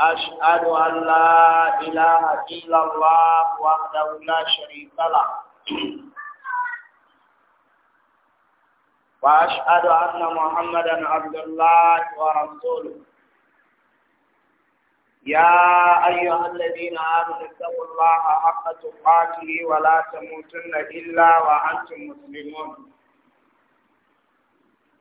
أشهد أن لا إله إلا الله وحده لا شريك له وأشهد أن محمدا عبد الله ورسوله يا أيها الذين آمنوا اتقوا الله حق تقاته ولا تموتن إلا وأنتم مسلمون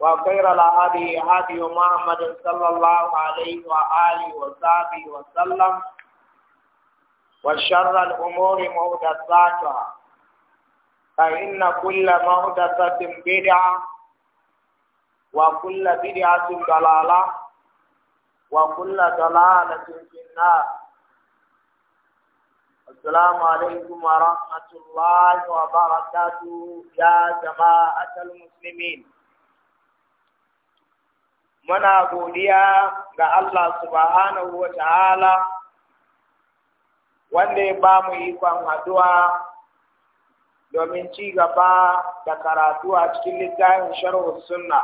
وخير الهدي هدي محمد صلى الله عليه وآله وصحبه وسلم وشر الأمور محدثاتها فإن كل محدثة بدعة وكل بدعة ضلالة وكل ضلالة في النار السلام عليكم ورحمة الله وبركاته يا جماعة المسلمين muna godiya ga Allah subhanahu wa ta'ala wanda ya ba mu ikon haduwa domin cigaba da karatu a cikin littafin sharhu sunna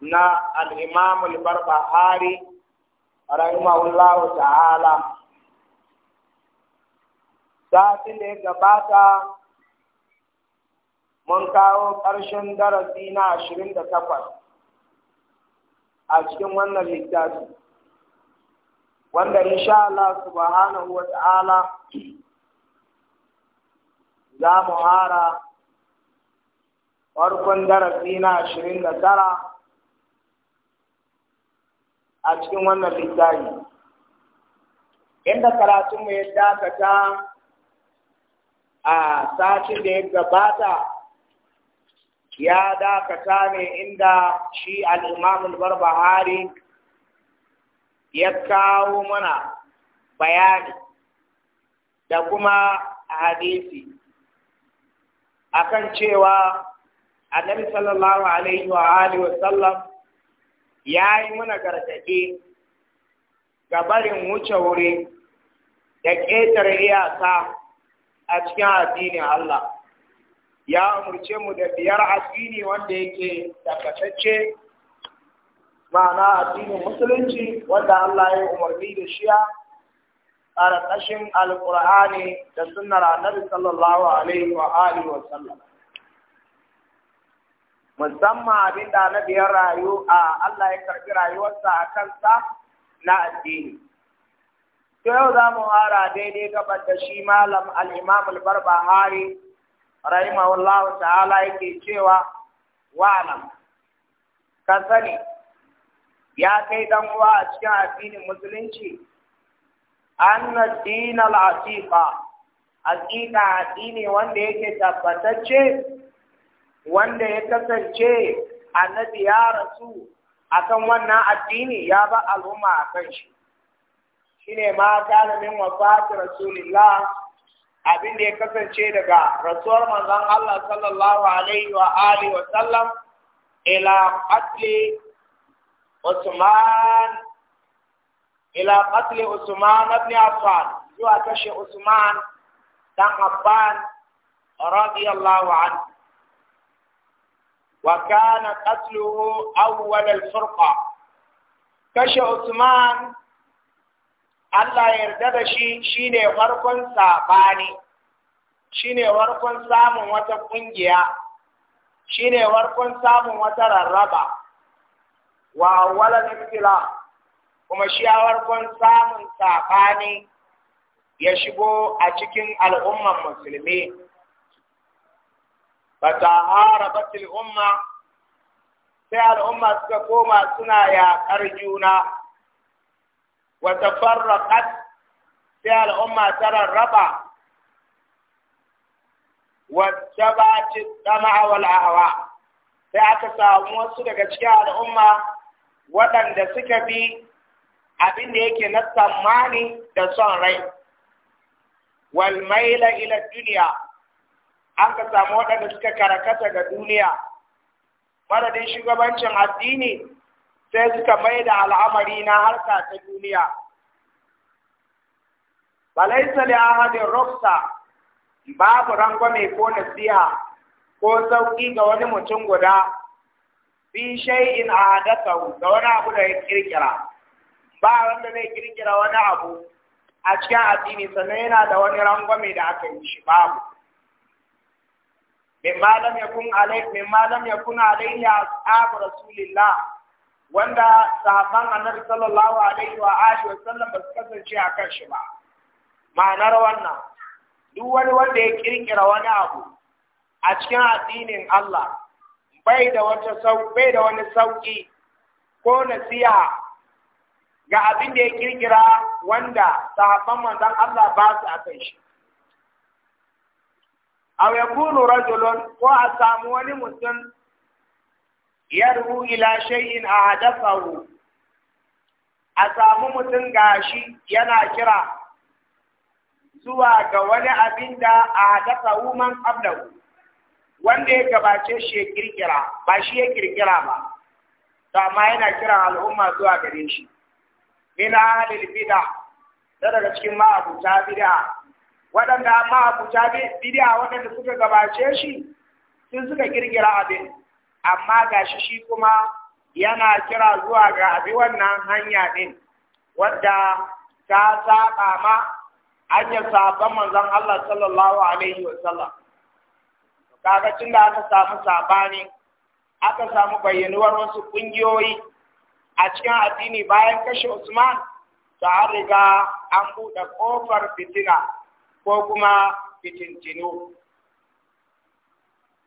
na al-imam al-barbahari rahimahullahu ta'ala satin da ya gabata mun kawo ƙarshen darasi na ashirin a cikin wannan littafi wanda insha Allah subhanahu wa ta'ala za mu hara farkon darasi na ashirin da tara a cikin wannan littafi inda karatunmu ya dakata a satin da ya gabata ya dakata ne inda shi al'imamun barbahari ya kawo mana bayani da kuma hadisi akan cewa annabi sallallahu alaihi wa alihi ya yi mana gargaɗi ga barin wuce wuri da ƙetare iyaka a cikin addinin Allah. ya umurce mu da biyar addini wanda yake tabbatacce ma'ana addinin musulunci wanda Allah ya umarni da shi a ƙarƙashin alƙur'ani da sunnar annabi sallallahu alaihi wa alihi wa sallam musamman abin da na biyar rayu a Allah ya karbi rayuwarsa a kansa na addini to yau za mu hara daidai gabar da shi malam al-imam al-barbahari rahimahullahu ta'ala yake cewa wa'alam ka sani ya kai dan uwa a cikin addinin musulunci anna din al aqiqa addini wanda yake tabbatacce wanda ya kasance annabi ya rasu akan wannan addini ya ba al'umma akan shi shine ma kana min wafati rasulillah abin da ya kasance daga rasuwar manzon Allah sallallahu alaihi wa alihi wa sallam ila qatli Usman ila qatli Usman ibn Affan zuwa kashe Usman dan Affan radiyallahu anhu wa kana qatluhu awwal al-furqa Allah ya yarda da shi shine farkon sabani shine farkon samun wata kungiya shine farkon samun wata rarraba wa awwalan ibtila kuma shi a farkon samun sabani ya shigo a cikin al'umman musulmi fataharabatil umma sai al'umma suka koma suna yaƙar juna wa tafarraqat sai al'umma ta rarraba wattaba'at dama'a a ahwa sai aka samu wasu daga cikin al'umma waɗanda suka bi abin da yake na tsammani da son rai wal maila ila duniya an ka samu waɗanda suka karakata ga duniya madadin shugabancin addini sai suka mai da al'amari na harka ta duniya balaisa li ahadin ruksa babu rangwame ko nasiha ko sauƙi ga wani mutum guda fi a ahadathahu da wani abu da ya kirkira ba wanda zai kirkira wani abu a cikin addini sannan yana da wani rangwame da aka yi shi babu mimma lam yakun alai mimma lam yakun alaihi rasulillah wanda sahaban annabi sallallahu alaihi wa alihi wa sallam ba su kasance a kan shi ba ma'anar wannan duk wani wanda ya kirkira wani abu a cikin addinin Allah bai da wata sau bai da wani sauki ko nasiha ga abin da ya kirkira wanda sabon manzon Allah ba su a kan shi aw yakunu rajulun ko a samu wani mutum yarhu ila shay'in ahdathahu a samu mutum gashi yana kira zuwa ga wani abin da ahdathahu man abdau. wanda ya gabace shi ya kirkira ba shi ya kirkira ba to amma yana kira al'umma zuwa gare shi min ahlil bid'a da daga cikin ma'abuta bid'a waɗanda ma'abuta bid'a wadanda suka gabace shi sun suka kirkira abin amma gashi shi kuma yana kira zuwa ga abi wannan hanya din wadda ta saba ma hanyar sabon manzon Allah sallallahu alaihi wa sallam kaga tunda aka samu sabani aka samu bayyanuwar wasu ƙungiyoyi a cikin addini bayan kashe Usman to an riga an buɗe ƙofar fitina ko kuma fitintinu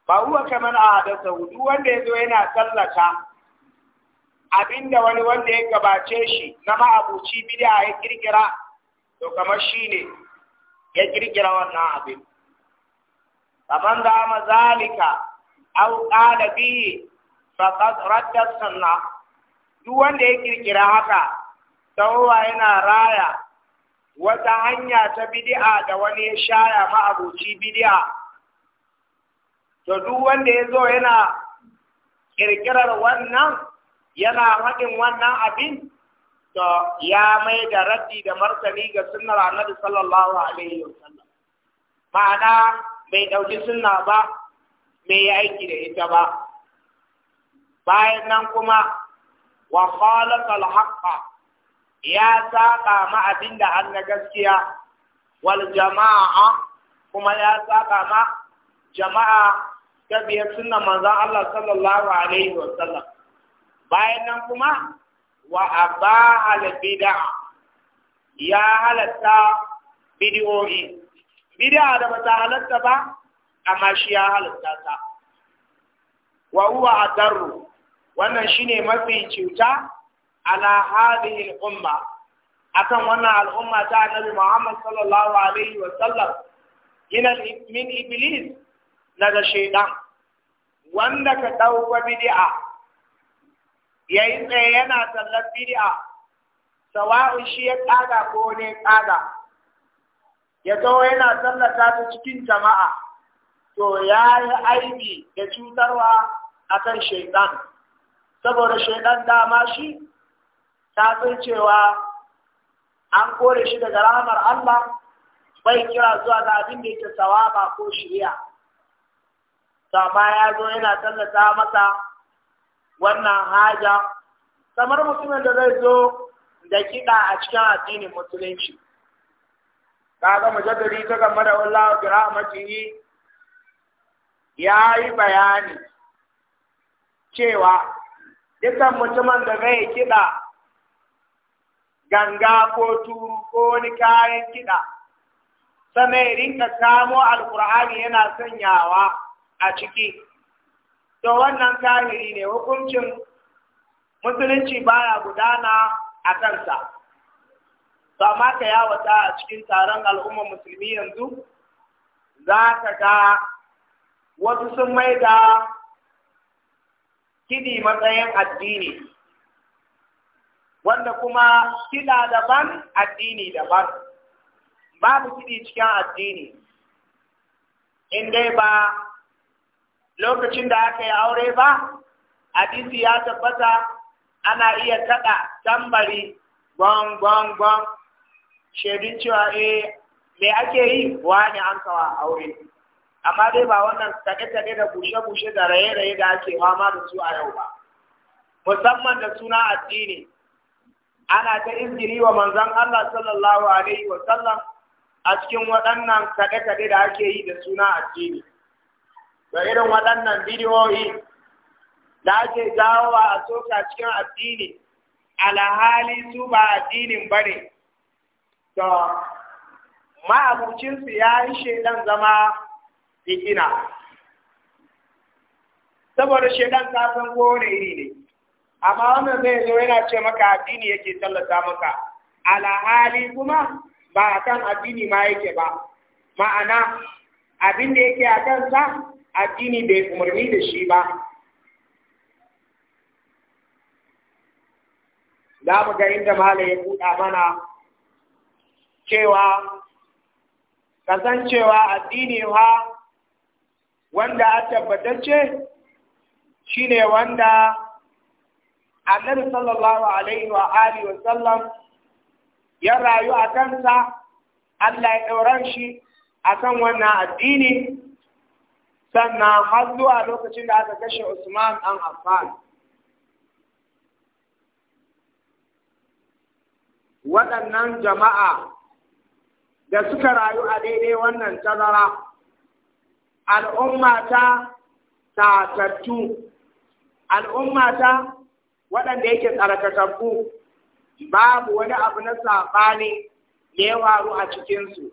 ba huwa kaman ahadasa duk wanda ya zo yana sallaka abinda wani wanda ya gabace shi na ma'abuci bid'a ya kirkira to kamar shi ne ya kirkira wannan abin kaman da ma zalika au qala bihi faqad radda sunna duk wanda ya kirkira haka tawwa yana raya wata hanya ta bid'a da wani ya shaya ma'abuci bid'a to duk wanda ya zo yana kirkirar wannan yana haɗin wannan abin to ya mai da raddi da martani ga sunnar annabi sallallahu alaihi wasallam ma'ana bai ɗauki sunna ba bai yi aiki da ita ba bayan nan kuma wa khalaqa ya saka ma abinda da na gaskiya wal jama'a kuma ya saka ma jama'a ta biyar sunna manzan Allah sallallahu alaihi wa sallam bayan nan kuma wa abaha al bid'a ya halatta bid'o'i bid'a da ba ta halatta ba amma shi ya halatta ta wa huwa adarru wannan shine mafi cuta ala hadhihi al umma akan wannan al'umma ta annabi Muhammad sallallahu alaihi wa sallam min iblis daga shaidan wanda ka ɗauka bid'a ya yi yana sallar bid'a sawa'un shi ya ƙaga ko ne tsada, ya zo yana tallata ta cikin jama'a to ya yi aiki da cutarwa a kan shaidan saboda shaidan dama shi ta cewa an kore shi daga rahamar Allah bai kira zuwa ga abin da yake sawaba ko shirya to ya zo yana tallata masa wannan haja kamar mutumin da zai zo da kiɗa a cikin addinin musulunci ga mujaddadi ta gama da Allah bi ya yi bayani cewa dukkan mutumin da zai kiɗa ganga ko turu ko wani kayan kiɗa sannan ya rinka samo alkur'ani yana sanyawa a ciki to wannan zahiri ne hukuncin musulunci baya gudana a kansa ba ma ka yawata a cikin taron al'ummar musulmi yanzu za ka ga wasu sun mai da kiɗi matsayin addini wanda kuma kiɗa daban addini daban babu kiɗi cikin addini in dai ba lokacin da aka yi aure ba hadisi ya tabbata ana iya kada tambari gwan gwan gwan shaidun cewa eh me ake yi wani an kawa aure amma dai ba wannan kaɗe-kaɗe da bushe-bushe da raye-raye da ake fama da su a yau ba musamman da suna addini ana ta izini wa manzon Allah sallallahu alaihi wa a cikin waɗannan kaɗe-kaɗe da ake yi da suna addini da irin waɗannan bidiyoyi da ake jawowa a soka cikin addini alhali su ba addinin ba ne to ma'abucinsu ya yi shaidan zama fitina saboda shaidan ta san kowane iri ne amma wannan zai zo yana ce maka addini yake tallata maka alhali kuma ba a kan addini ma yake ba ma'ana abin da yake a kansa addini bai umarni da shi ba za mu ga inda malam ya buɗa mana cewa kasancewa addini ha wanda a tabbatacce shine wanda annabi sallallahu alaihi wa wa sallam ya rayu a kansa Allah ya ɗauran shi a kan wannan addini sannan har zuwa lokacin da aka kashe Usman an Affan waɗannan jama'a da suka rayu a daidai wannan tazara al'umma ta tatattu al'umma ta waɗanda yake tsarkakakku, babu wani abu na saɓani da ya waru a cikinsu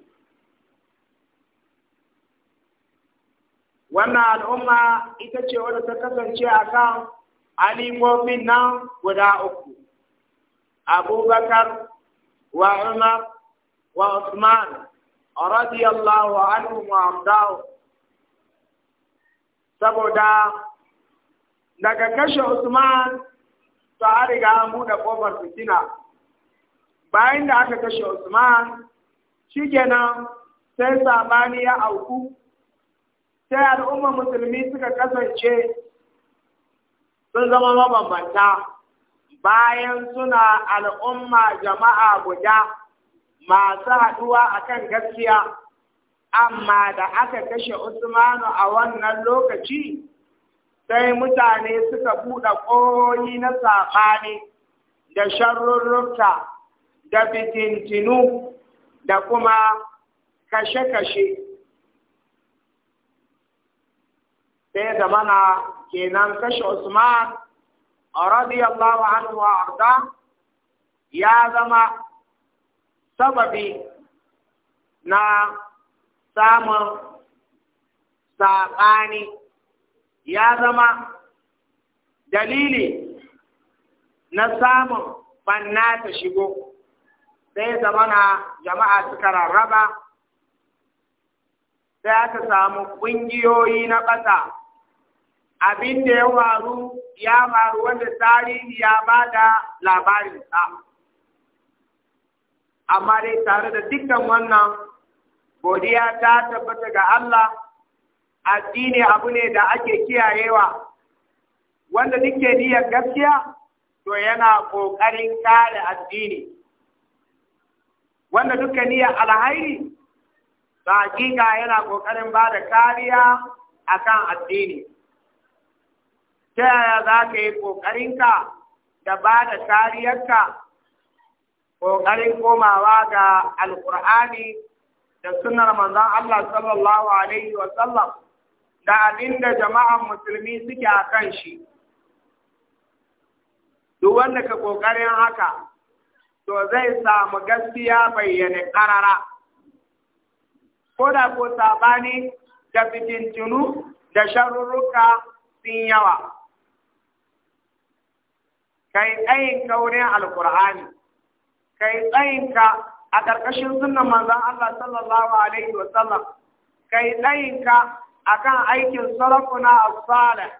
wannan al'umma ita ce wadda ta kasance a kan alifofin nan guda uku abubakar wa umar wa usman radiyallahu anhu wa ardahu saboda daga kashe usman ta an riga an buɗe ƙofar fitina bayan da aka kashe usman shi kenan sai sabani ya auku sai al'ummar musulmi suka kasance sun zama mabambanta bayan suna al'umma jama'a guda masu haɗuwa akan gaskiya amma da aka kashe Usmanu a wannan lokaci sai mutane suka buɗe ƙoyi na saɓani da sharrurruka da fitintinu da kuma kashe-kashe sai da mana kenan kashe Usman radiyallahu anhu wa arda ya zama sababi na samun saɓani ya zama dalili na samun banna ta shigo sai zamana jama'a suka rarraba sai aka samu ƙungiyoyi na ƙasa abin da ya waru ya maru wanda tarihi ya ba da labarinsa amma dai tare da dukkan wannan godiya ta tabbata ga Allah addini abu ne da ake kiyayewa wanda nike niyyar gaskiya to yana ƙoƙarin kare addini wanda duka niyyar alhairi ba hakika yana ƙoƙarin ba da kariya akan addini ta yaya za ka yi ƙoƙarinka da ba da kariyarka ƙoƙarin komawa ga alƙur'ani da sunar manzan Allah sallallahu alaihi wa da abin da jama'an musulmi suke a kan shi duk wanda ka ƙoƙarin haka to zai samu gaskiya bayyane ƙarara ko da ko saɓani da fitintunu da sharurruka sun yawa kai tsayin wurin alkur'ani kai ka a ƙarƙashin sunan manzon Allah sallallahu alaihi wa sallam kai a akan aikin salafuna as-salih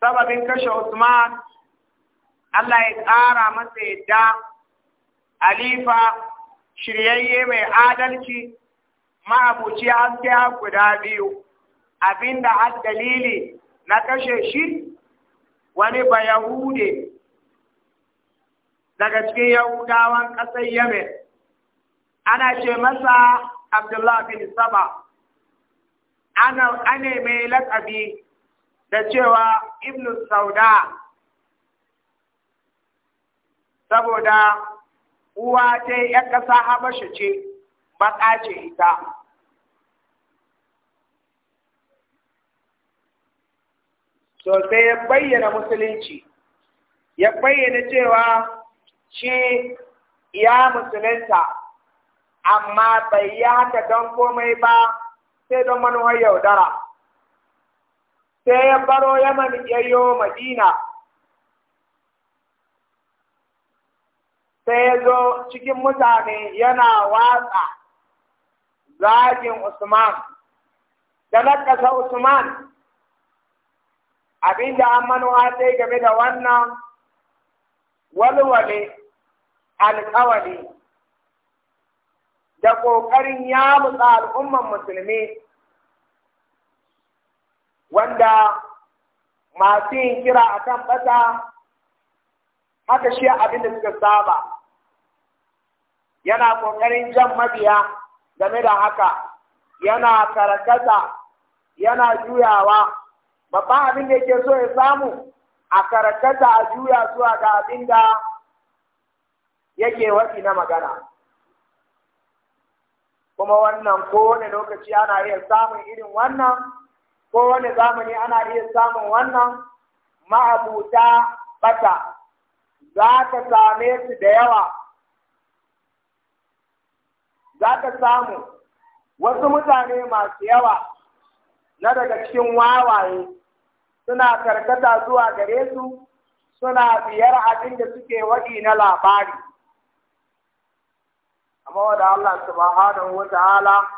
sababin kashe Usman Allah ya ƙara masa yadda alifa shiryayye mai adalci ma'abuci haske guda biyu abinda har dalili na kashe shi wani ba Yahude daga cikin Yahudawan ƙasar Yemen, ana ce masa Abdullah bin Saba, ana mai laƙabi da cewa Ibn Sauda, saboda uwa ta ‘yan ƙasa Habasha ce, baƙa ce ita. so sai ya bayyana musulunci ya bayyana cewa shi ya musulunta amma bai yi haka don komai ba sai don manuwar yaudara sai ya baro yaman yayyo madina sai ya zo cikin mutane yana watsa zagin usman da nakasa usman abin da an manuwa sai game da wannan walwale alƙawali da ƙoƙarin ya mutsa al'umman musulmi wanda masu yin kira a kan ɓata haka shi abin da suka saba yana ƙoƙarin jan mabiya game da haka yana karkata yana juyawa babban abin da yake so ya samu a karkata a juya zuwa ga abin da yake wasi na magana kuma wannan kowane lokaci ana iya samun irin wannan kowane zamani ana iya samun wannan ma'abuta bata za ka same su da yawa za ka samu wasu mutane masu yawa na daga cikin wawaye suna karkata zuwa gare su suna biyar abin da suke waɗi na labari amma wanda Allah subhanahu wa ta'ala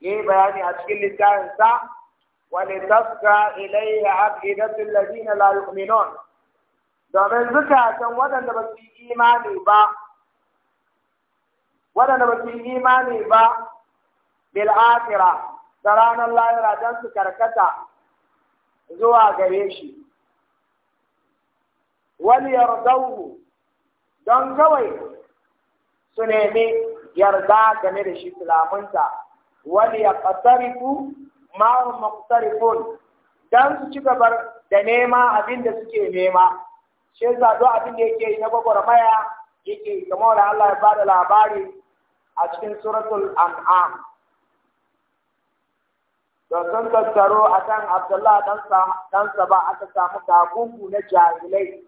ya yi bayani a cikin littafinsa wani taska ilayya aqidatul ladina la yu'minun domin zukatan waɗanda ba su yi imani ba waɗanda ba su yi imani ba bil akhirah da ranar lahira don su karkata zuwa gare shi wani yardawu don kawai su nemi yarda game da shi filamunta wani ya ƙasarifu ma'un maƙasarifun don su ci gabar da nema abin da suke nema shi yasa duk abin da yake na gwagwarmaya yake kamar Allah ya ba da labari a cikin suratul an'am Da sun tattaro a kan Abdullah ɗansa ba aka samu takunku na jahilai.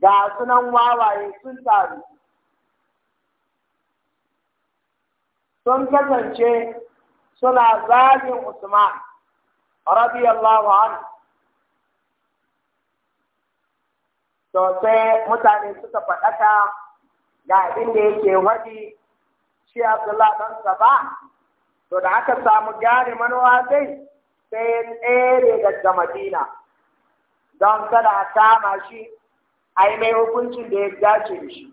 Ga sunan wawaye sun taru. Sun kasance suna zagin Usman, radiyallahu anhu. To sai mutane suka faɗaka ga inda yake wadi shi Abdullah ɗansa ba. to da aka samu gane manowa sai sai ya tsere daga madina don kada a kama shi a yi mai hukuncin da ya dace da shi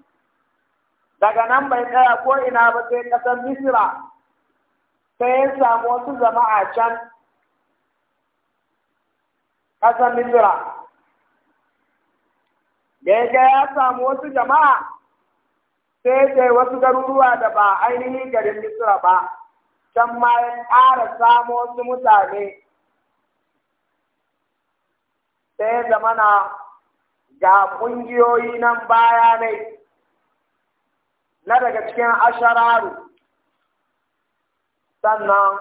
daga nan bai tsaya ko ina ba sai kasar misira sai ya samu wasu jama'a can kasar misira da ya ya samu wasu jama'a sai sai wasu garuruwa da ba ainihin garin misira ba can ma ya ƙara samo wasu mutane sai zamana ga ƙungiyoyi nan baya ne na daga cikin ashararu sannan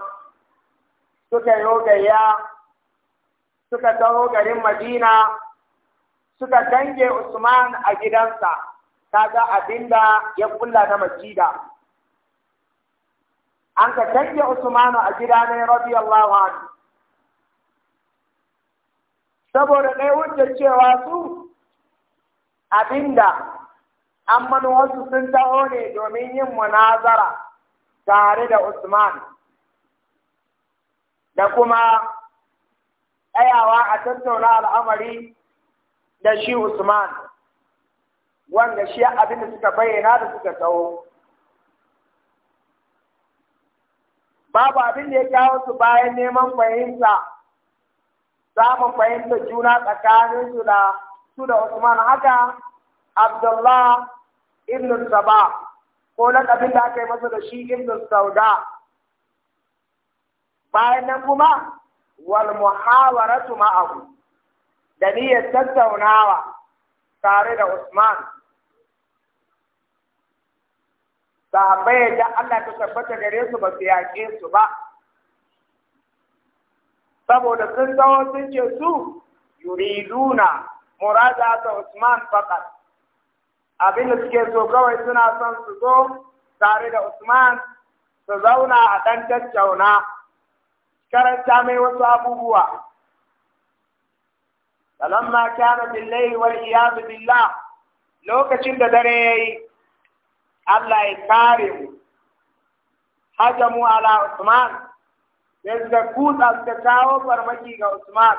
suka yi suka taho garin madina suka dange usman a gidansa ta kaga abinda ya kulla na masida. an ka canje Usmanu a gida ne radiyallahu anhu saboda ne wuce cewa su abinda an wasu sun taho ne domin yin munazara tare da Usman da kuma tsayawa a tattauna al'amari da shi Usman wanda shi abinda suka bayyana da suka taho babu abin da ya kawo su bayan neman fahimta samun fahimta juna tsakanin su da su da Usman haka Abdullah ibn Saba ko lakabin da aka yi masa da shi ibn Sauda bayan nan kuma wal muhawaratu ma'ahu da niyyar tattaunawa tare da Usman sahabbai da Allah ta tabbata gare su ba su yaƙe su ba saboda sun zawo sun ce su yuriduna murada ta Usman fakat abin da suke so kawai suna son su zo tare da Usman su zauna a ɗan tattauna karanta mai wasu abubuwa فلما كان بالليل والعياذ billah lokacin da dare yayi Allah ya kare mu hajamu ala Usman yadda kutsa ta kawo farmaki ga Usman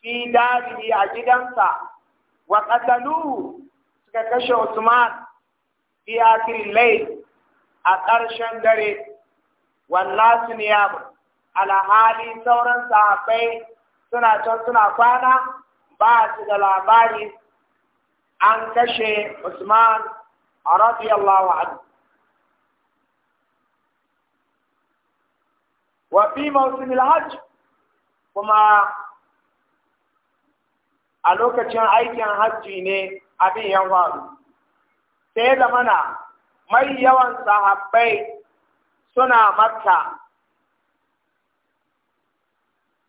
fi darihi a gidansa wa qatalu suka kashe Usman fi akhir layl a ƙarshen dare wallahi ala hali sauran sahabbai suna can suna kwana ba su da labari an kashe Usman رضي الله عنه وفي موسم الحج كما a lokacin aikin hajji ne abin ya faru sai da mana mai yawan sahabbai suna makka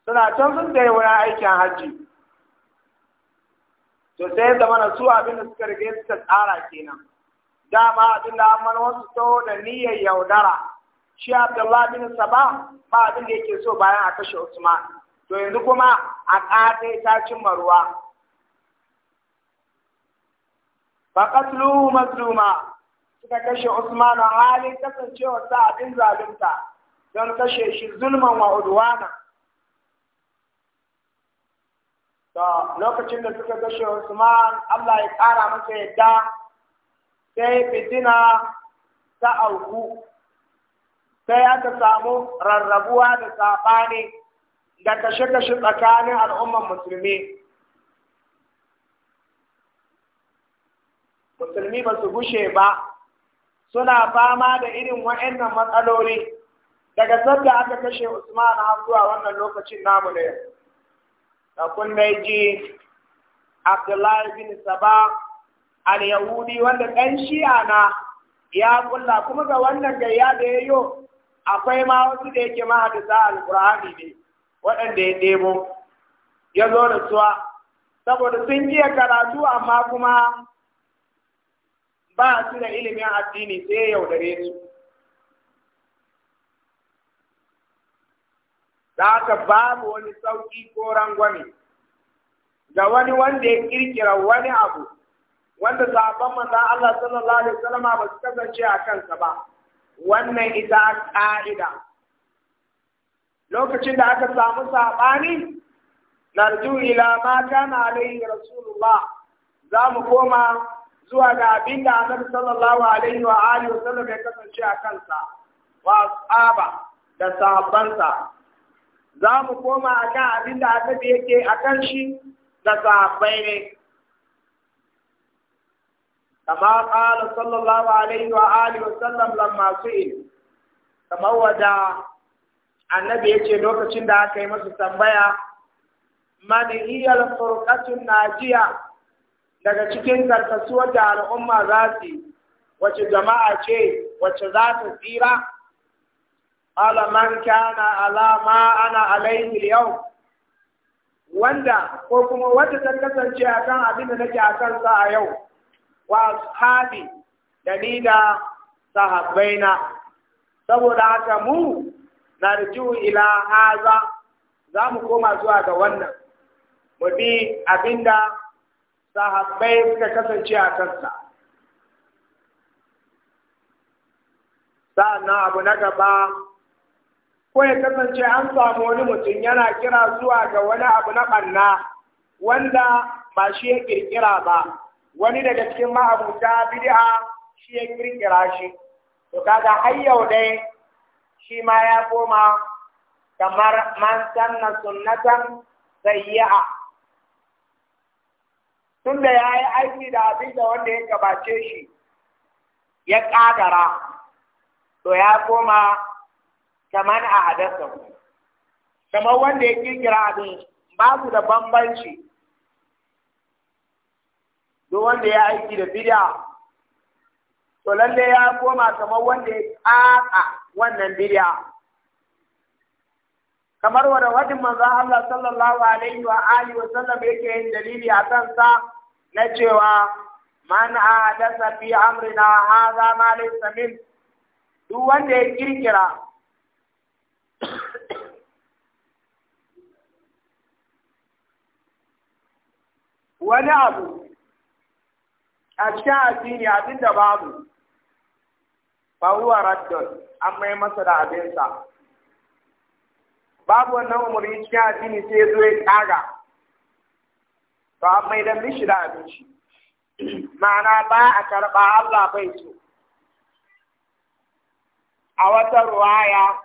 suna can sun tsaye wurin aikin hajji Sosai da mana su abinda suka rige suka tsara kenan dama abin da amman wasu to da niyyar yaudara shi abdullahi bin saba ba abin yake so bayan a kashe usman to yanzu kuma a ƙata ta cimma ruwa faƙatlu mazluma suka kashe usman a halin kasancewa sa abin zalunta don kashe shi zulman wa udwana to lokacin da suka kashe usman Allah ya ƙara masa yadda sai fitina ta auku sai aka samu rarrabuwa da saɓani da kashe-kashe tsakanin al'ummar musulmi musulmi ba su gushe ba suna fama da irin wa'annan matsaloli daga sadda aka kashe usman har zuwa wannan lokacin namu ne da kun ji abdullahi bin sabah al-yahudi wanda ɗan shi'a na ya kulla kuma ga wannan gayya da ya akwai ma wasu da yake mahadisa al-qur'ani ne waɗanda ya ɗebo ya zo da suwa saboda sun iya karatu amma kuma ba su da ilimin addini sai yaudare su da haka babu wani sauƙi ko rangwame ga wani wanda ya ƙirƙira wani abu wanda sahabban manzan Allah sallallahu alaihi wasallama ba su kasance a kansa ba wannan ita ƙa'ida lokacin da aka samu saɓani narju ila ma kana alaihi rasulullah za mu koma zuwa ga abin da annabi sallallahu alaihi wa alihi wa sallam ya kasance a kansa wa tsaba da sahabbansa za mu koma akan abin da annabi yake akan shi da sahabbai ne كما قال صلى الله عليه وآله وسلم لما سئل كما ودع النبي يجي لوكا شندا كيما تنبيا من هي الفرقة الناجية daga cikin karkasuwar da al'umma za su wace jama'a ce wace za ta tsira ala man kana ala ma ana alaihi yau wanda ko kuma wanda ta kasance akan abin da nake akan sa a yau wa ashabi da ni da saboda haka mu na narju ila haza za mu koma zuwa ga wannan mu bi abinda sahabbai suka kasance a kansa sa'annan abu na gaba ko ya kasance an samu wani mutum yana kira zuwa ga wani abu na ɓanna wanda ba shi ya ƙirƙira ba wani daga cikin ma'abuta bid'a shi ya kirkira shi to kaga har yau dai shi ma ya koma kamar man sanna sunnatan sayyi'a tunda ya yi aiki da abin da wanda ya gabace shi ya ƙagara to ya koma kamar a hadasa kamar wanda ya kirkira abin babu da bambanci to wanda ya aiki da bid'a to lalle ya koma kamar wanda ya tsaka wannan bid'a kamar wanda wajen manzon Allah sallallahu alaihi wa alihi wa sallam yake yin dalili a kansa na cewa man ahdatha fi amrina hadha ma laysa min duk wanda ya kirkira wani abu a cikin addini abin da babu Ba huwa raddun an mai masa da abinsa babu wannan umarni cikin addini sai zo ya kaga to an mai dan mishi da abinci ma'ana ba a karɓa Allah bai so a wata ruwaya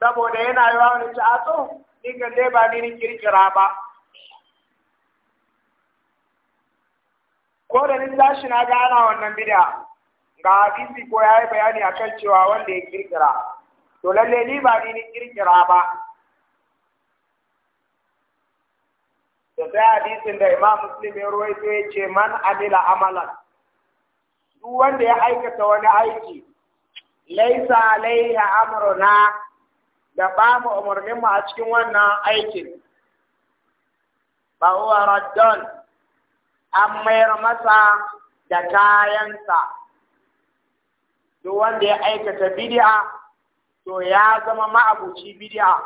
saboda yana yi wani ci a so ni dai ba ni kirkira ba ko da nin tashi na ga ana wannan bid'a ga hadisi ko yayi bayani akan cewa wanda ya kirkira to lalle ni ba ni kirkira ba da sai hadisin da Imam Muslim ya ruwaito ya ce man amila amalan duk wanda ya aikata wani aiki laisa alaiha amruna da ba mu umarnin mu a cikin wannan aikin ba huwa raddan an mayar masa da kayansa duk wanda ya aikata bid'a to ya zama ma'abuci bid'a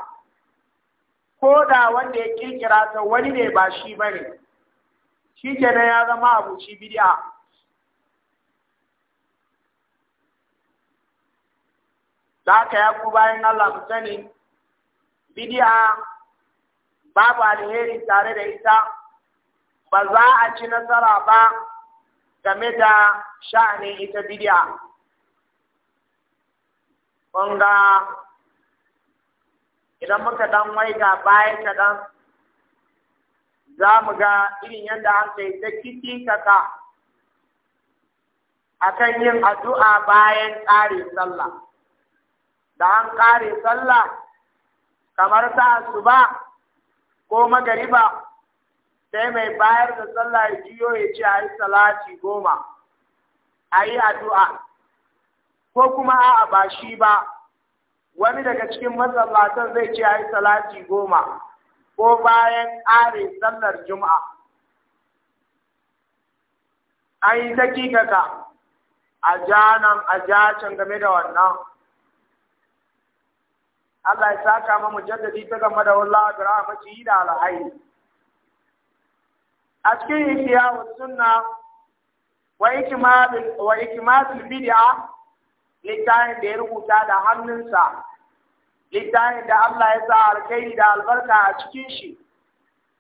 ko da wanda ya kirkira ta wani ne ba shi ba ne. shi kenan ya zama abuci bid'a za ka ya ku bayan Allah mu sani bid'a babu alheri tare da ita ba za a ci nasara ba game da sha'anin ita bidiya. Kunga idan muka dan waiga bayan kaɗan za mu ga irin yadda aka yi ta kiki kaka a kan yin addu'a bayan ƙare sallah. Da an ƙare sallah kamar ta asuba ko magariba sai mai bayar da sallah ya jiyo ya ce a yi salati goma a yi addu'a ko kuma a'a ba shi ba wani daga cikin masallatan zai ce a yi salati goma ko bayan ƙare sallar juma'a an yi ta kikaka a janan a jacin game da wannan Allah ya saka mu jaddadi ta game da wallahi da rahmatihi da alhaini a cikin ihya sunna wa ikmal wa ikmal littafin da ya rubuta da hannunsa littafin da Allah ya sa alkhairi da albarka a cikin shi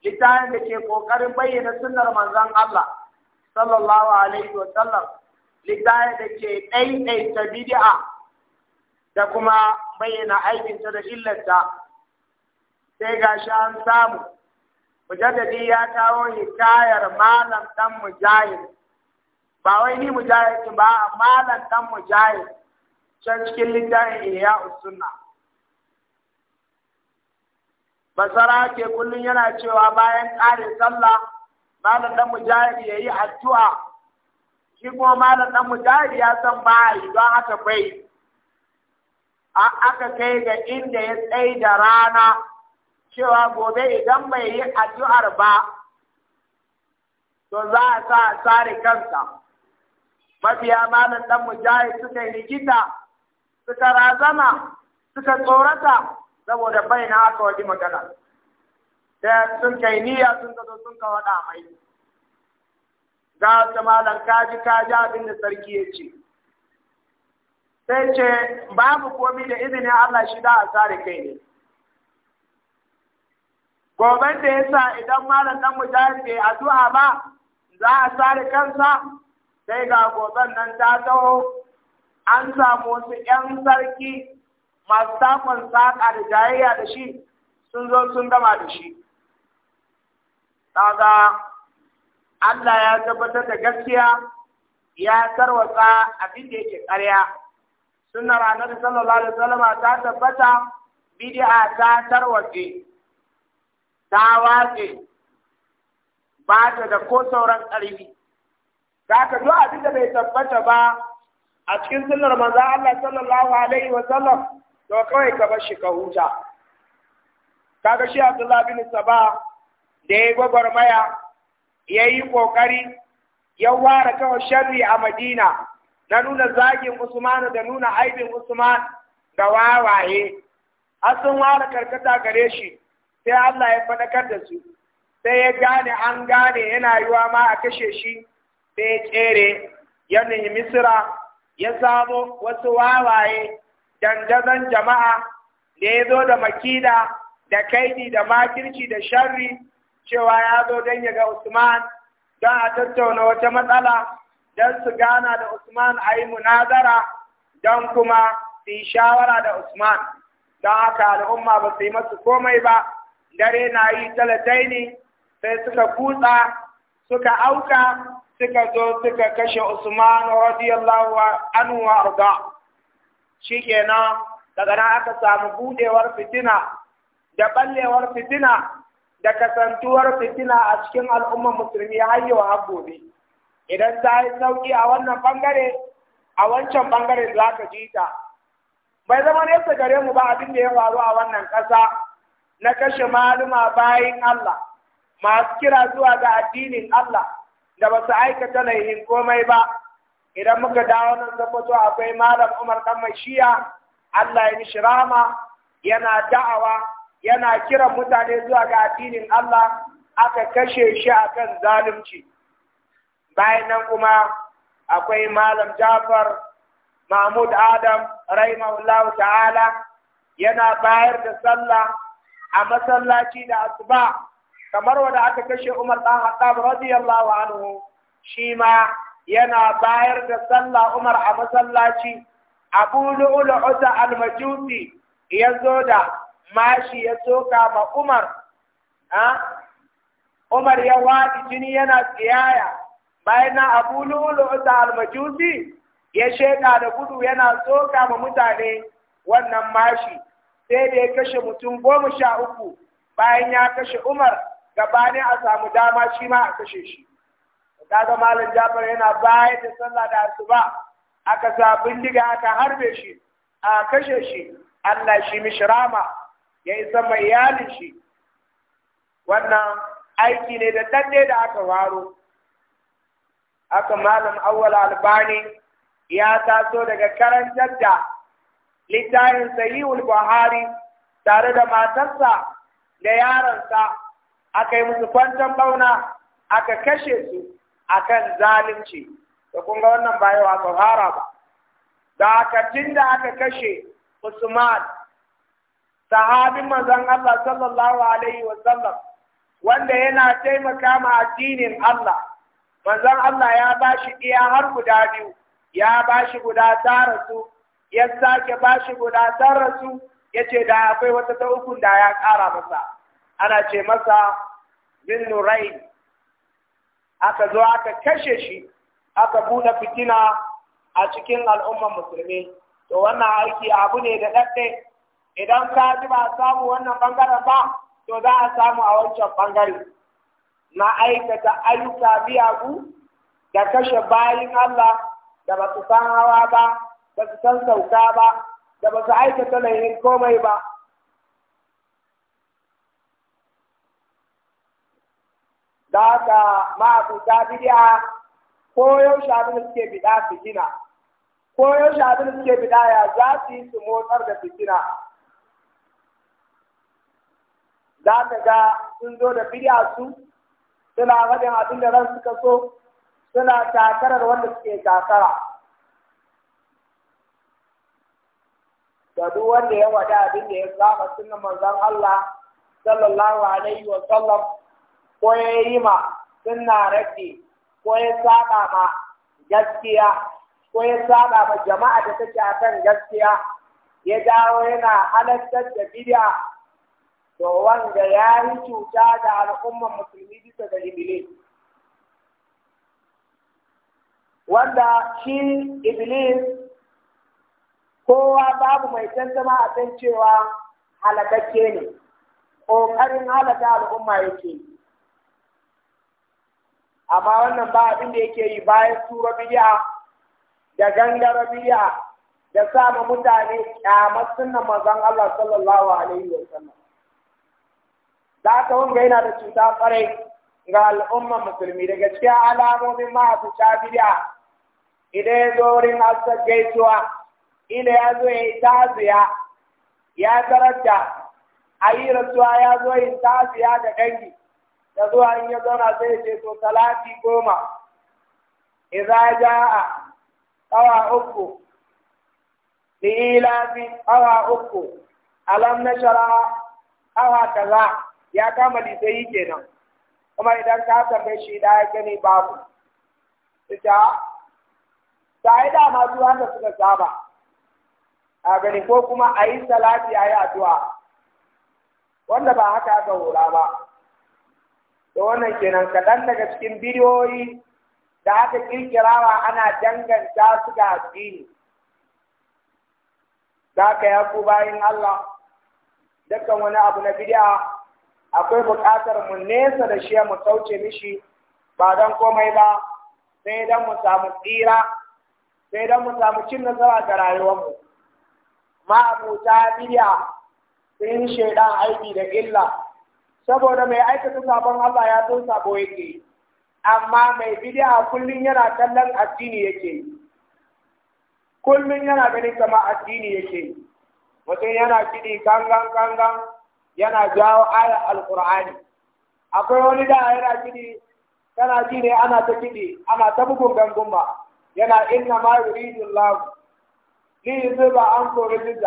littafin da ke ƙoƙarin bayyana sunnar manzon Allah sallallahu alaihi wa sallam littafin da ke ɗaiɗaita bid'a da kuma bayyana aikinta da illarta sai gashi an samu mujaddadi ya kawo hikayar malam dan mujahid ba wai ni mujahid ba malam dan mujahid can cikin littafin ihya usunna basara ke kullum yana cewa bayan kare sallah malam dan mujahid yayi addu'a shi kuma malam dan mujahid ya san ba don haka bai aka kai ga inda ya tsaye da rana cewa gobe idan bai yi addu'ar ba to za a sa tsari kansa mafiya malam dan mujahid suka yi rigita suka razana suka tsorata saboda bai na haka waje magana da sun kai niyya sun zato sun ka wada mai ga wata malam kaji kaji abin da sarki ya ce sai ce babu komi da izinin Allah shi da a sare kai ne Gobe da ya sa idan malam dan mujahid bai addu'a ba za a sare kansa sai ga goben nan ta taho an samu wasu 'yan sarki masu takon saƙa da jayayya da shi sun zo sun gama da shi kaga Allah ya tabbatar da gaskiya ya tarwatsa abin da yake ƙarya sunnar ranar sallallahu alaihi ta tabbata bid'a ta tarwatse ta watse ba ta da ko sauran ƙarfi za ka zo abin da bai tabbata ba a cikin sunar manzo Allah sallallahu alaihi Wasallam, to kawai ka bar shi ka huta kaga shi Abdullah bin Saba da ya yi gwagwarmaya ya yi ƙoƙari ya ware kawai sharri a Madina na nuna zagin Usman da nuna aibin Usman da wawaye Asin ware karkata gare shi sai Allah ya faɗakar da su sai ya gane an gane yana yiwa ma a kashe shi sai ya tsere ya nemi misira ya samo wasu wawaye dandazon jama'a da ya zo da makida da kaidi da makirci da sharri cewa ya zo don ya ga Usman don a tattauna wata matsala don su gana da Usman a yi munazara don kuma su yi shawara da Usman don haka al'umma ba su yi masu komai ba dare na yi talatai ne sai suka kutsa suka auka suka zo suka kashe Usman radiyallahu anhu wa arda shikenan daga nan aka samu budewar fitina da ballewar fitina da kasantuwar fitina a cikin al'ummar musulmi har yau har gobe idan ta yi sauki a wannan bangare a wancan bangare za ka ji ta bai zama nesa gare mu ba abin da ya faru a wannan ƙasa na kashe maluma bayan Allah masu kira zuwa ga addinin Allah da ba su aikata laihin komai ba idan muka dawo nan tabbato akwai malam Umar mai shiya, Allah ya nishi rama yana da'awa yana kiran mutane zuwa ga addinin Allah aka kashe shi akan zalunci bayan nan kuma akwai malam Jafar Mahmud Adam rahimahullahu ta'ala yana bayar da sallah a masallaci da asuba kamar wanda aka kashe Umar dan Khattab radiyallahu anhu shi ma yana bayar da sallah Umar a masallaci Abu Lu'ul Uta al-Majusi ya zo da mashi ya soka ma Umar Umar ya wadi jini yana tsiyaya bayan na Abu Lu'ul Uta al-Majusi ya sheka da gudu yana soka ma mutane wannan mashi sai da ya kashe mutum goma sha uku bayan ya kashe Umar gabani a samu dama shi ma a kashe shi. Kaga Malam Jafar yana bayar da sallah da asuba aka sa bindiga aka harbe shi a kashe shi Allah shi mishrama ya isa mai iyalin shi wannan aiki ne da danne da aka waro aka malam awwal albani ya taso daga karantar da littafin sahihul buhari tare da matarsa da yaransa aka yi musu kwantan bauna aka kashe su akan zalunci da kun ga wannan ba yawa tsohara ba da aka da aka kashe usman sahabin mazan Allah sallallahu alaihi wa sallam wanda yana taimaka ma addinin Allah manzon Allah ya bashi iya har guda biyu ya bashi guda ta su ya sake bashi guda dan rasu ce da akwai wata ta uku da ya ƙara masa ana ce masa bin nurai aka zo aka kashe shi aka buɗe fitina a cikin al'ummar musulmi to wannan aiki abu ne da ɗaɗɗe idan ka ji ba samu wannan bangaren ba to za a samu a wancan ɓangare na aikata ayyuka biyagu da kashe bayin Allah da ba su san hawa ba ba su san sauka ba da ba su aikata laihin komai ba da haka ta bidiya ko yau abin da suke bida su gina ko yau abin da suke bida ya za su yi su motsar da fitina za ka ga sun zo da bidiya su suna haɗin abin da ran suka so suna takarar wanda suke takara ga duk wanda ya wada abin da ya saba sunan manzon Allah sallallahu alaihi wa sallam ko ya yi ma sunna rabbi ko ya saba ma gaskiya ko ya saba ma jama'a da take akan gaskiya ya dawo yana halartar da bid'a to wanda ya yi cuta da al'ummar musulmi bisa da iblis wanda shi iblis kowa babu mai tantama a kan cewa halakakke ne ƙoƙarin halaka al'umma yake yi amma wannan ba abin da yake yi bayan tura bidiya da gangara bidiya da samun mutane kyamar sunan manzon Allah sallallahu alaihi wa sallam ka wanga yana da cuta kwarai ga al'umma musulmi daga cikin alamomin masu sha bidiya idan ya zo wurin gaisuwa ila ya zo ya yi tasiya ya tarata a yi rasuwa ya zo yi tasiya da dangi da zuwa in ya zauna sai ce to talati goma idza jaa qawa uku bi ilafi qawa uku alam nashara qawa kaza ya kama lisai kenan kuma idan ka tambaye shi da ya gani babu ita ta yi dama su haka suka saba a gani ko kuma a yi salati a yi addu'a wanda ba haka aka hura ba da wannan kenan kaɗan daga cikin bidiyoyi da aka kirkirawa ana danganta su ga addini za ka ya ku bayan Allah dukkan wani abu na bidiya akwai buƙatar mu nesa da shi mu kauce mishi ba don komai ba sai don mu samu tsira sai don mu samu cin nasara ga rayuwarmu ma'abuta bid'a sun shaidan aiki da illa saboda mai aikata sabon Allah ya zo sabo yake amma mai bid'a kullum yana kallon addini yake kullum yana ganin kama addini yake mutum yana kiɗi kangan kangan yana jawo ayar alqur'ani akwai wani da yana kiɗi kana ji ne ana ta kiɗi ana ta bugun ganguma yana inna ma yuridu ليذب ba رجز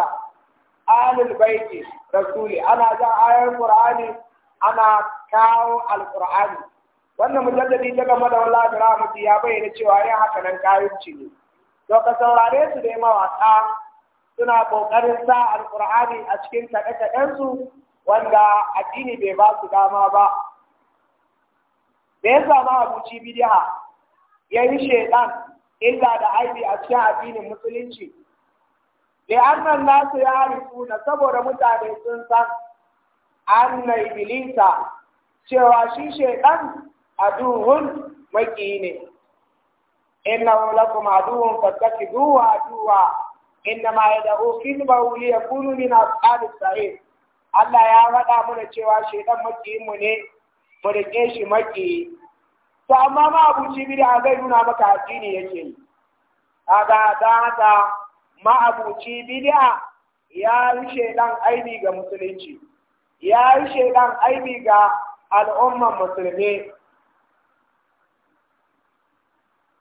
آل البيت رسولي أنا جاء آية القرآن ana kawo al'kur'ani. wannan mujalladi ta gama da wallahi da rahmatu ya bayyana cewa yin haka nan kayunci ne to ka saurare su da mawaka suna kokarin sa alqur'ani a cikin kaɗe su wanda addini bai ba su dama ba da ya ma abuci bidiha ya yi shaidan illa da aibi a cikin addinin musulunci li'annan nasu ya harifuna saboda mutane sun san anna ibilisa cewa shi shaidan aduhun maki ne kuma duwa innahu lakum aduwwun fattakiduhu aduwwa innama yad'u kidbahu liyakunu min ashabis sa'ir Allah ya faɗa mana cewa shaidan makiyin mu ne mu rike shi maki to amma ma abuci bid'a zai nuna maka addini yake yi kaga dan haka ma'abuci bid'a ya yi shaidan aibi ga musulunci ya yi shaidan aibi ga al'umma musulmi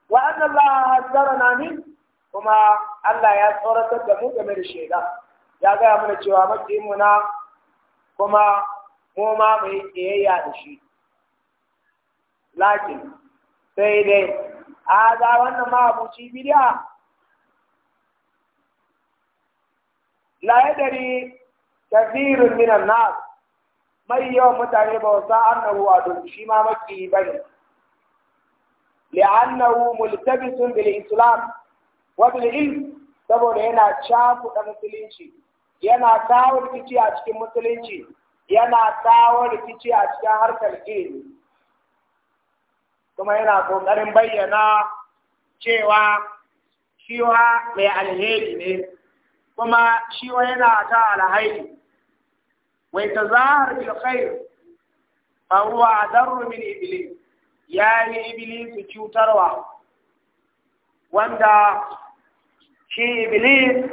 wa anna Allah hazzarana min kuma Allah ya tsoratar da mu game da shaidan ya gaya mana cewa mu na kuma mu ma mu yi da shi lakin sai dai a ga wannan ma'abuci bid'a la yadari kathirun minan nas mai yawan mutane ba wasa annahu wato shi ma maki bane li'annahu sun bil islam wa ilm saboda yana chafu da musulunci yana kawo rikici a cikin musulunci yana kawo rikici a cikin harkar ilimi kuma yana ƙoƙarin bayyana cewa shiwa mai alheri ne kuma shi wa yana ta alhaili wai ta zahar bil khair fa huwa adarru min iblis ya yi iblis cutarwa wanda shi iblis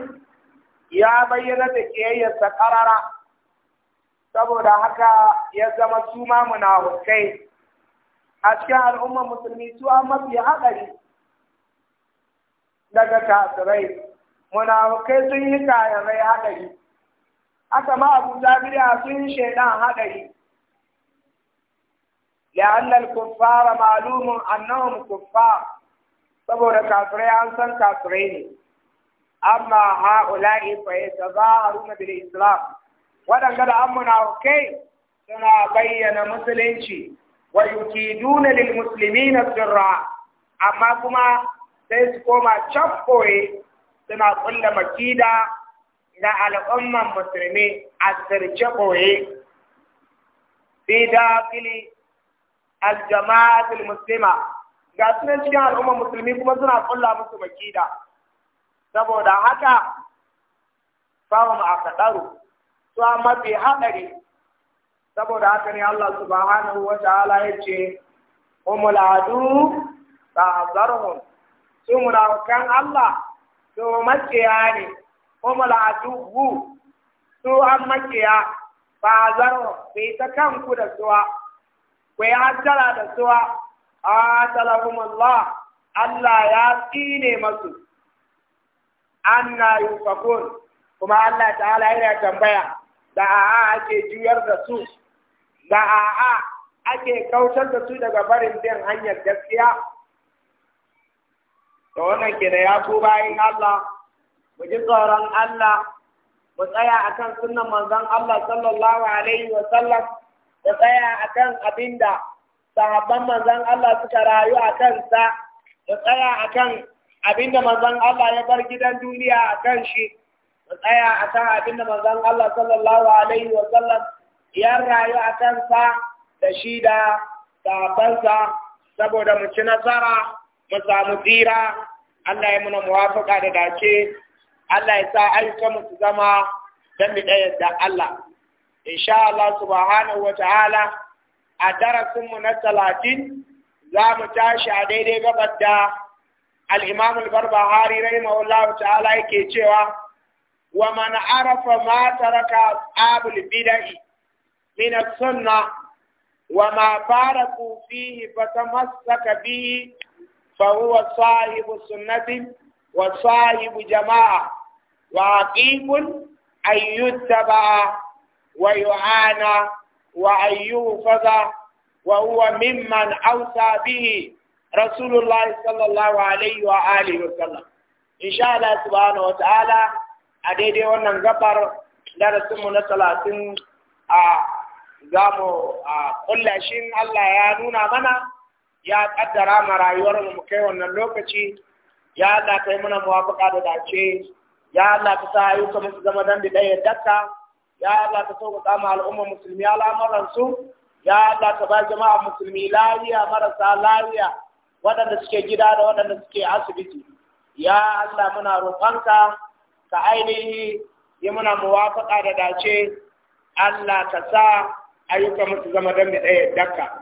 ya bayyana da kiyayyarsa karara saboda haka ya zama su ma munafukai a cikin al'ummar musulmi su an mafi haɗari daga kafirai munafukai sun yi kayarai haɗari haka ma abu jami'a sun yi shaidan haɗari لأن الكفار معلوم أنهم kufa saboda kafirai an san kafirai ne amma za a yatazaharuna bil islam wadanga da ammunafikai suna bayyana musulunci wa yukiduna lil muslimina sirra amma kuma sai su koma can suna kulla makida na al'umman musulmi a sirce ɓoye fi dakili al muslima ga sunan cikin al'umman musulmi kuma suna kulla musu makida saboda haka fawon a kadaru su a mafi haɗari saboda haka ne Allah subhanahu wa ta'ala ya ce umul adu ta hazarhum su munafikan Allah to makiya ne kuma hu? To an makiya ba zan bai ta kanku da suwa ku yi tsara da suwa a Allah Allah ya tsine masu anna yufakun kuma Allah ta'ala yana tambaya da a'a ake juyar da su da a'a ake kautar da su daga barin din hanyar gaskiya da wannan ke da ya ku bayan Allah mu ji tsoron Allah mu tsaya a kan sunan manzan Allah sallallahu alaihi wa sallam a tsaya abin abinda sahabban manzan Allah suka rayu a kansa mu tsaya a abin abinda manzan Allah ya bar gidan duniya a kan shi mu tsaya a abin abinda manzan Allah sallallahu alaihi wa sallam ya rayu a kansa da shi da sahabbansa saboda mu ci nasara mu samu tsira Allah ya muna muwafaka da dace Allah ya sa ayyukan mu su zama dan mu daya da Allah insha Allah subhanahu ta'ala a darasin mu na 30 za mu tashi a daidai gabar da al-Imam rai barbahari rahimahullah ta'ala yake cewa wa man arafa ma taraka abul Wa min as-sunnah ba ta فيه فتمسك به فهو صاحب سنة وصاحب جماعة وعقيب أن يتبع ويعانى وأن يوفظ وهو ممن أوصى به رسول الله صلى الله عليه وآله وسلم إن شاء الله سبحانه وتعالى أديدي ونن غفر درسمو نسلاتين آه za آه كل شيء الله يعانونا nuna ya kaddara ma rayuwar mu kai wannan lokaci ya Allah kai muna muwafaqa da dace ya Allah ka sa ayyuka mu zama dan da ya dakka ya Allah ka sauƙaƙa ma al'umma musulmi al'amuran su ya Allah ka ba jama'a musulmi lafiya marasa lafiya waɗanda suke gida da waɗanda suke asibiti ya Allah muna roƙonka ka ainihi yi muna muwafaƙa da dace Allah ka sa ayyuka mu zama dan mu ya dakka